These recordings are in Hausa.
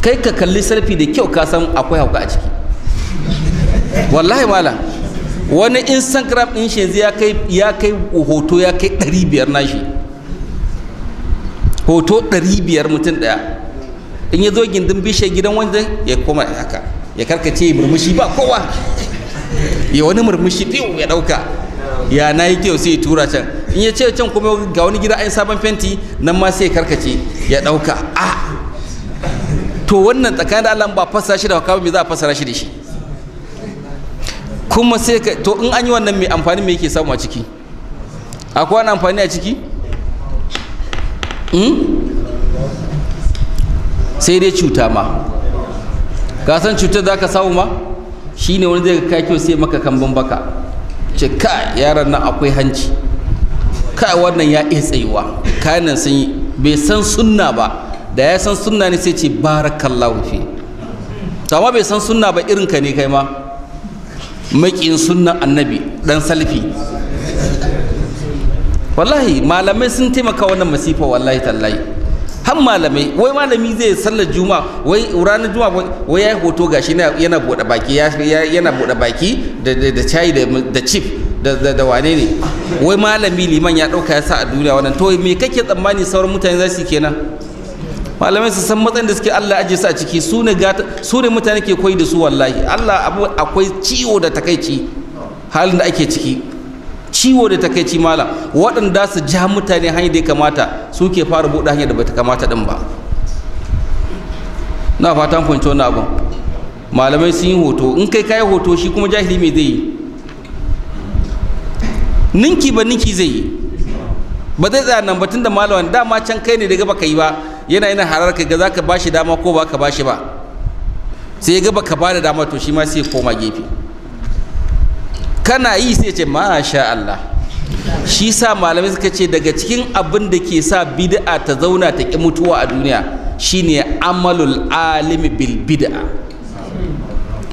kai ka kalli sarfi da kyau ka san akwai hauka a ciki wallahi mala wani instagram ɗin shi ya kai ya kai hoto ya kai 500 nashi hoto 500 mutum ɗaya in ya zo gindin bishe gidan wanda ya koma haka ya karkace ya murmushi ba kowa ya wani murmushi biyu ya ɗauka ya na yi kyau sai ya tura can in ya ce can kuma ga wani gida ayin sabon fenti nan ma sai ya karkace ya ɗauka a ah, to wannan tsakanin da Allah ba fassara shi da hauka mai za a fassara shi da shi kuma sai ka to in an yi wannan mai amfani me yake samu a ciki akwai wani amfani a ciki hmm? sai dai cuta ma ka san cutar za ka samu ma Shi ne wani zai ka kyau sai maka kambun baka ce ka yaran nan akwai hanci ka wannan ya iya tsayuwa kayan nan sun yi bai san sunna ba da ya san sunna ne sai ce barakallahu fi to amma bai san sunna ba irin ka ne kai ma maƙin sunnan annabi dan salfi wallahi malamai sun taimaka wannan masifa wallahi tallahi har malamai wai malami zai sallar juma wai ranar juma wai ya hoto gashi yana bude baki yana bude baki da chai da chip da wane ne wai malami liman ya dauka ya sa a duniya wannan to me kake tsammani sauran mutane za su kenan malamai su san matsayin da suke Allah ajiye su a ciki su ne su ne mutane ke koyi da su wallahi Allah abu akwai ciwo da takaici halin da ake ciki ciwo da takaici malam waɗanda su ja mutane hanyar da ya kamata su ke fara buɗe hanyar da ta kamata din ba na fatan fahimci wannan abun malamai sun yi hoto in kai kai hoto shi kuma jahili me zai yi ninki ba ninki zai yi ba zai tsaya nan batun da malam dama can kai ne daga baka yi ba yana yana harar ka ga za ka bashi dama ko ba ka bashi ba sai ya ga ka ba da dama to shi ma sai koma gefe kana yi sai ce masha Allah shi sa malamai suka ce daga cikin abin da ke sa bid'a ta zauna ta ki mutuwa a duniya shine amalul alimi bil bid'a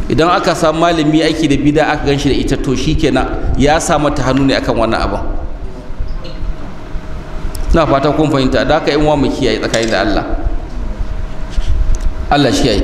idan aka samu malami aiki da bid'a aka gan shi da ita to shi shikenan ya sa mata hannu ne akan wannan abin na fata kun fahimta da haka yan uwa mu kiyaye tsakanin da Allah Allah shi yayi